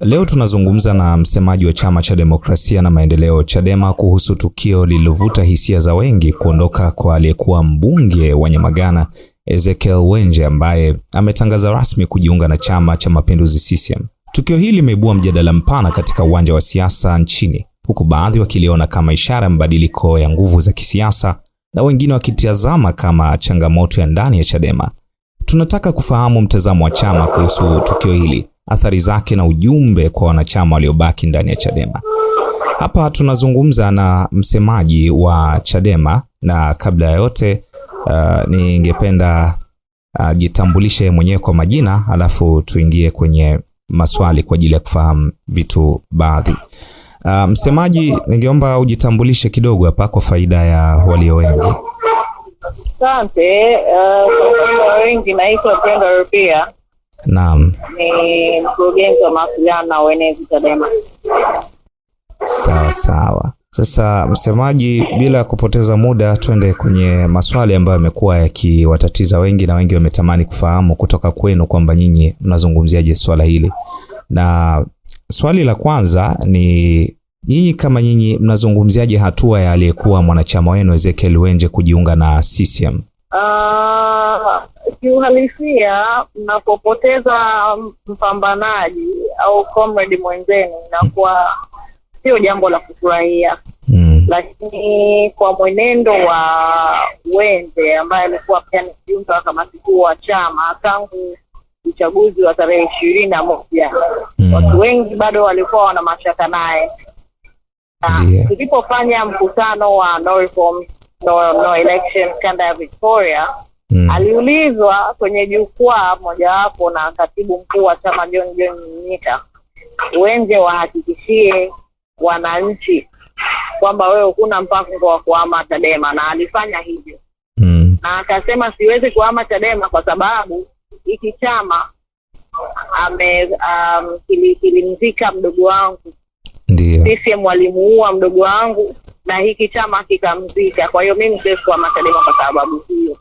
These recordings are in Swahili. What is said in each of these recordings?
Leo tunazungumza na msemaji wa Chama cha Demokrasia na Maendeleo Chadema kuhusu tukio lililovuta hisia za wengi, kuondoka kwa aliyekuwa mbunge wa Nyamagana Ezekiel Wenje ambaye ametangaza rasmi kujiunga na Chama cha Mapinduzi CCM. Tukio hili limeibua mjadala mpana katika uwanja wa siasa nchini, huku baadhi wakiliona kama ishara ya mabadiliko ya nguvu za kisiasa na wengine wakitazama kama changamoto ya ndani ya Chadema. Tunataka kufahamu mtazamo wa chama kuhusu tukio hili athari zake na ujumbe kwa wanachama waliobaki ndani ya Chadema. Hapa tunazungumza na msemaji wa Chadema, na kabla ya yote uh, ningependa uh, jitambulishe mwenyewe kwa majina, alafu tuingie kwenye maswali kwa ajili ya kufahamu vitu baadhi. Uh, msemaji, ningeomba ujitambulishe kidogo hapa kwa faida ya walio wengi. Asante. Uh, kwa wengi, naitwa Pendo Rupia. Naam, ni mkurugenzi wa mawasiliano na uenezi Chadema. Sawa sawa. Sasa msemaji, bila kupoteza muda, twende kwenye maswali ambayo yamekuwa yakiwatatiza wengi na wengi wametamani kufahamu kutoka kwenu kwamba nyinyi mnazungumziaje swala hili, na swali la kwanza ni nyinyi kama nyinyi mnazungumziaje hatua ya aliyekuwa mwanachama wenu Ezekiel Wenje kujiunga na CCM? Ah, kiuhalisia mnapopoteza mpambanaji au comrade mwenzenu inakuwa sio jambo la kufurahia mm. Lakini kwa mwenendo wa Wenze ambaye amekuwa pia ni mjumbe wa kamati kuu wa chama tangu uchaguzi wa tarehe ishirini na moja mm. Watu wengi bado walikuwa wana mashaka naye tulipofanya mkutano wa no reforms no, no election kanda ya Victoria mm. aliulizwa kwenye jukwaa mojawapo na katibu mkuu wa chama John John Mnyika, wenje wahakikishie wananchi kwamba wewe huna mpango wa kuhama Chadema, na alifanya hivyo mm. na akasema siwezi kuhama Chadema kwa sababu hiki chama ame um, kilimzika mdogo wangu ndio huu wa mdogo wangu na hiki chama kikamzika. Kwa hiyo mimi mrefu wa Chadema kwa sababu hiyo.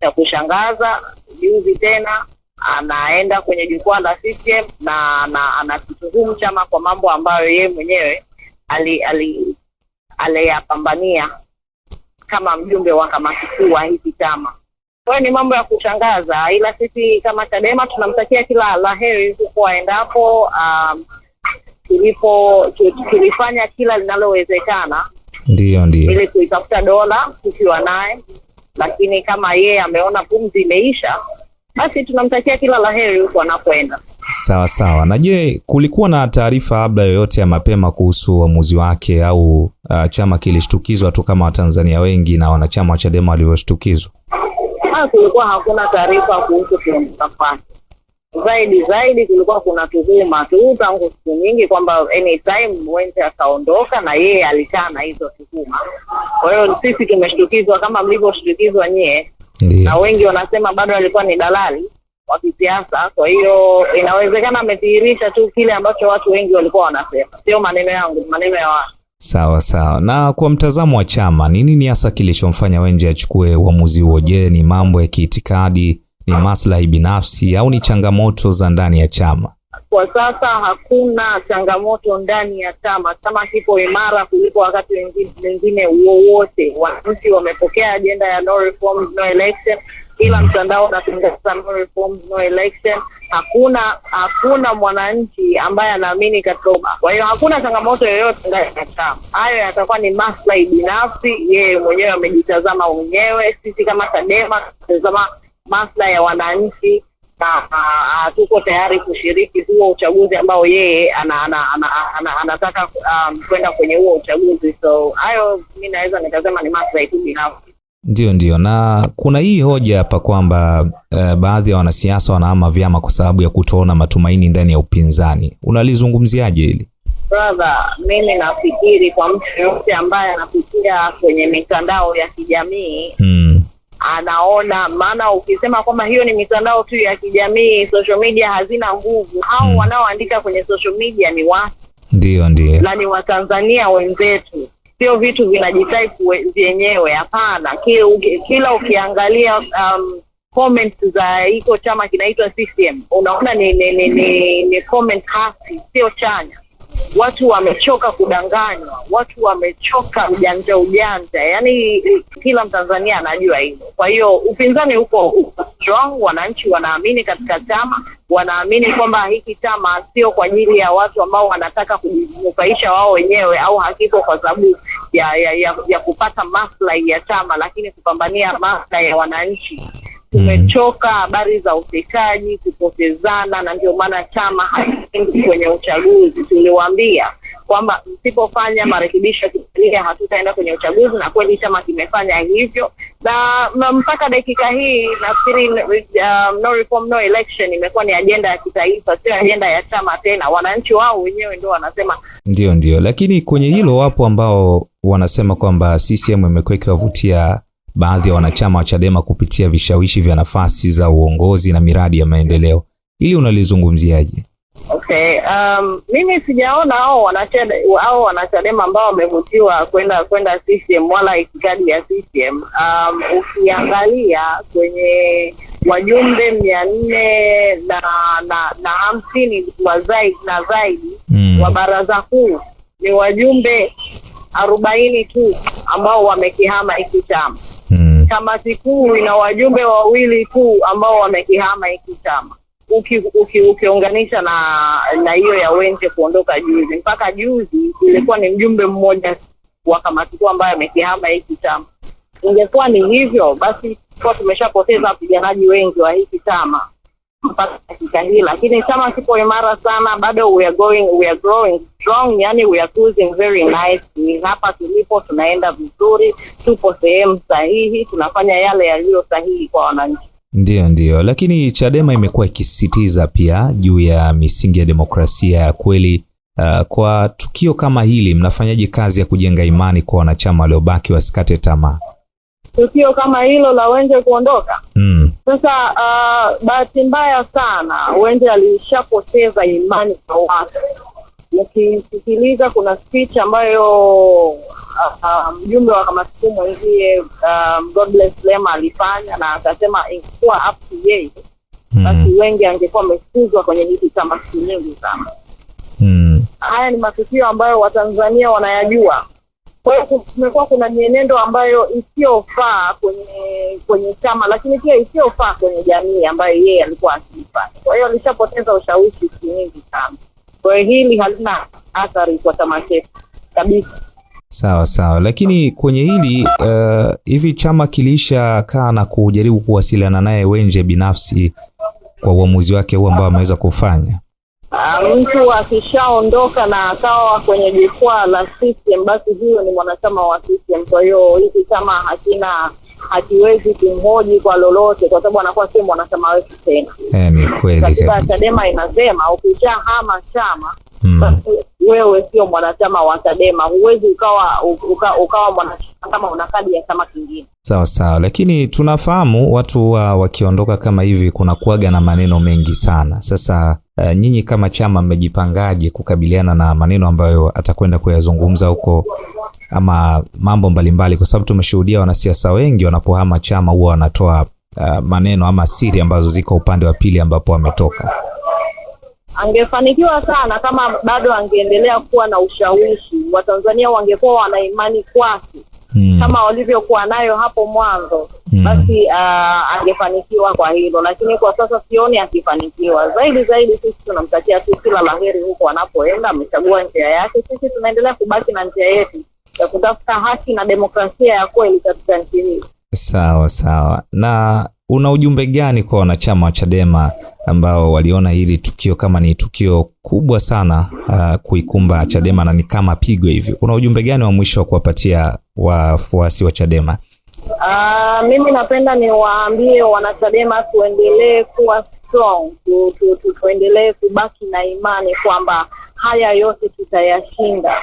Ya kushangaza juzi tena anaenda kwenye jukwaa la CCM na anakituhumu chama kwa mambo ambayo yeye mwenyewe aliyapambania ali, ali kama mjumbe wa kamati kuu wa hiki chama. Kwa hiyo ni mambo ya kushangaza, ila sisi kama Chadema tunamtakia kila la heri huko aendapo. Um, tulifanya kila linalowezekana ndio ndio, ili kuitafuta dola tukiwa naye, lakini kama yeye ameona pumzi imeisha, basi tunamtakia kila la heri huko anapoenda. Sawa sawa. Na je, kulikuwa na taarifa labda yoyote ya mapema kuhusu uamuzi wake au uh, chama kilishtukizwa tu kama Watanzania wengi na wanachama wa Chadema walivyoshtukizwa? Ah, kulikuwa hakuna taarifa kuhusu kuondoka kwake zaidi zaidi kulikuwa kuna tuhuma tu tangu siku nyingi kwamba anytime Mwente ataondoka, na yeye alikaa na hizo tuhuma. Kwa hiyo sisi tumeshtukizwa kama mlivyoshtukizwa nyie, na wengi wanasema bado alikuwa ni dalali wa kisiasa. Kwa hiyo inawezekana amedhihirisha tu kile ambacho watu wengi walikuwa wanasema, sio maneno yangu, maneno ya watu. Sawa sawa. Na kwa mtazamo wa chama, ni nini hasa kilichomfanya Wenje achukue uamuzi huo? Je, ni mambo ya kiitikadi ni maslahi binafsi au ni changamoto za ndani ya chama? Kwa sasa hakuna changamoto ndani ya chama. Chama kipo imara kuliko wakati wengine wowote. Wananchi wamepokea ajenda ya no reforms, no election. Kila mtandao unatangaza no reforms, no election. Hakuna hakuna mwananchi ambaye anaamini katiba. Kwa hiyo hakuna changamoto yoyote ndani ya chama. Hayo yatakuwa ni maslahi binafsi, yeye mwenyewe amejitazama mwenyewe. Sisi kama Chadema tazama maslahi ya wananchi na hatuko tayari kushiriki huo uchaguzi ambao yeye ana, ana, ana, ana, ana, anataka um, kwenda kwenye huo uchaguzi. So hayo mi naweza nikasema ni maslahi tu binafsi. Ndio, ndio. Na kuna hii hoja hapa kwamba eh, baadhi ya wanasiasa wanahama vyama kwa sababu ya kutoona matumaini ndani ya upinzani. Unalizungumziaje hili? Brother, mimi nafikiri kwa mtu yoyote ambaye anapitia kwenye mitandao ya kijamii hmm anaona maana, ukisema kwamba hiyo ni mitandao tu ya kijamii, social media hazina nguvu. au mm. wanaoandika kwenye social media ni watu ndio ndio, na ni Watanzania wenzetu, sio vitu vinajitai vyenyewe. Hapana, kila ukiangalia um, comments za hiko chama kinaitwa CCM unaona ni ni, ni, ni, ni comment hasi, sio chanya. Watu wamechoka kudanganywa, watu wamechoka ujanja ujanja, yaani kila Mtanzania anajua hivyo. Kwa hiyo upinzani huko strong, wananchi wanaamini katika chama, wanaamini kwamba hiki chama sio kwa ajili ya watu ambao wanataka kujinufaisha wao wenyewe, au hakiko kwa sababu ya, ya, ya, ya kupata maslahi ya chama, lakini kupambania maslahi ya wananchi. Tumechoka habari za utekaji, kupotezana, na ndio maana chama haiendi kwenye uchaguzi. Tuliwaambia kwamba msipofanya marekebisho ya kisheria hatutaenda kwenye uchaguzi, na kweli chama kimefanya hivyo, na mpaka dakika hii nafikiri, uh, no reform no election imekuwa ni ajenda ya kitaifa, sio ajenda ya chama tena. Wananchi wao wenyewe ndio wanasema ndio, ndio. Lakini kwenye hilo wapo ambao wanasema kwamba CCM imekuwa ikiwavutia baadhi ya wanachama wa Chadema kupitia vishawishi vya nafasi za uongozi na miradi ya maendeleo. Ili unalizungumziaje? Okay, um, mimi sijaona hao wanachama hao wanachama ambao wamevutiwa kwenda kwenda CCM wala itikadi ya CCM. Um, ukiangalia kwenye wajumbe mia nne na na na hamsini wa zaidi na zaidi mm, wa baraza kuu ni wajumbe arobaini tu ambao wamekihama hiki chama kamati kuu ina wajumbe wawili kuu ambao wamekihama hiki chama uki, uki, ukiunganisha na na hiyo ya Wenje kuondoka juzi. Mpaka juzi ilikuwa ni mjumbe mmoja wa kamati kuu ambaye amekihama hiki chama. Ingekuwa ni hivyo basi, kwa tumeshapoteza wapiganaji wengi wa hiki chama mpaka dakika hii, lakini chama sipo imara sana bado, we are going, we are growing strong, yani we are cruising very nice. Hapa tulipo tunaenda vizuri, tupo sehemu sahihi, tunafanya yale yaliyo sahihi kwa wananchi. Ndiyo, ndiyo. Lakini Chadema imekuwa ikisisitiza pia juu ya misingi ya demokrasia ya kweli. Uh, kwa tukio kama hili mnafanyaje kazi ya kujenga imani kwa wanachama waliobaki wasikate tamaa? tukio kama hilo la Wenje kuondoka mm. Sasa uh, bahati mbaya sana Wenje alishapoteza imani kwa watu. Nikisikiliza kuna speech ambayo mjumbe uh, uh, mjumbe wa kamati kuu mwenzie uh, um, Godbless Lema alifanya na akasema ingekuwa up to yeye mm. basi wengi angekuwa amefuzwa kwenye hizi kamati nyingi sana mm. Haya ni matukio ambayo Watanzania wanayajua kwa hiyo kumekuwa kuna mienendo ambayo isiyofaa kwenye kwenye chama, lakini pia isiyofaa kwenye jamii ambayo yeye alikuwa akiifanya. Kwa hiyo alishapoteza ushawishi siku nyingi sana. Kwa hiyo hili halina athari kwa chama chetu kabisa. Sawa sawa, lakini kwenye hili uh, hivi chama kilisha kaa na kujaribu kuwasiliana naye Wenje binafsi kwa uamuzi wake huu ambao ameweza kufanya mtu akishaondoka na akawa kwenye jukwaa la CCM, basi huyo ni mwanachama wa CCM. Kwa hiyo hiki chama hakina hakiwezi kumhoji kwa lolote, kwa sababu anakuwa si mwanachama wetu tena. Eh, ni kweli kabisa. Katiba Chadema inasema ukishahama chama mm. Basi wewe sio mwanachama wa Chadema, huwezi ukawa ukawa mwanachama kama una kadi ya chama kingine. Sawa sawa, lakini tunafahamu watu wa wakiondoka kama hivi kuna kuwaga na maneno mengi sana. Sasa uh, nyinyi kama chama mmejipangaje kukabiliana na maneno ambayo atakwenda kuyazungumza huko ama mambo mbalimbali, kwa sababu tumeshuhudia wanasiasa wengi wanapohama chama huwa wanatoa uh, maneno ama siri ambazo ziko upande wa pili ambapo wametoka. Angefanikiwa sana kama bado angeendelea kuwa na ushawishi, Watanzania wangekuwa wana imani kwake mm. kama walivyokuwa nayo hapo mwanzo mm. basi uh, angefanikiwa kwa hilo, lakini kwa sasa sioni akifanikiwa zaidi zaidi. Sisi tunamtakia tu kila laheri huko anapoenda, amechagua njia yake. Sisi tunaendelea kubaki na njia yetu ya kutafuta haki na demokrasia ya kweli katika nchi hii. Sawa sawa. Na una ujumbe gani kwa wanachama wa Chadema ambao waliona hili tukio kama ni tukio kubwa sana uh, kuikumba Chadema na ni kama pigo hivi? Una ujumbe gani wa mwisho wa kuwapatia wafuasi wa Chadema? Uh, mimi napenda niwaambie wanachadema tuendelee kuwa strong, tu, tu, tu, tuendelee kubaki na imani kwamba haya yote tutayashinda.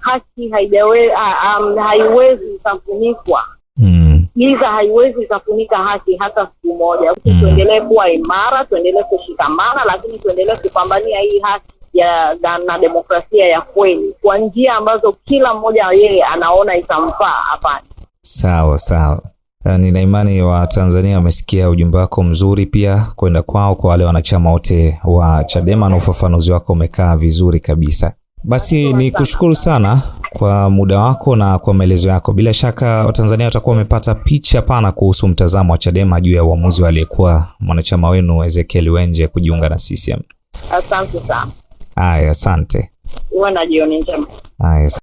Haki haijawe, uh, um, haiwezi ikafunikwa mm. haiwezi ikafunika haki hata siku moja mm. Tuendelee kuwa imara, tuendelee kushikamana, lakini tuendelee kupambania hii haki ya na demokrasia ya kweli kwa njia ambazo kila mmoja yeye anaona itamfaa hapana. Sawa sawa, eh, nina imani Watanzania wamesikia ujumbe wako mzuri, pia kwenda kwao, kwa wale wanachama wote wa Chadema, na ufafanuzi wako umekaa vizuri kabisa. Basi ni kushukuru sana kwa muda wako na kwa maelezo yako. Bila shaka Watanzania watakuwa wamepata picha pana kuhusu mtazamo wa Chadema juu ya uamuzi wa aliyekuwa mwanachama wenu Ezekiel Wenje kujiunga na CCM. Asante sana. Aya, asante. Uwe na jioni njema. Aya.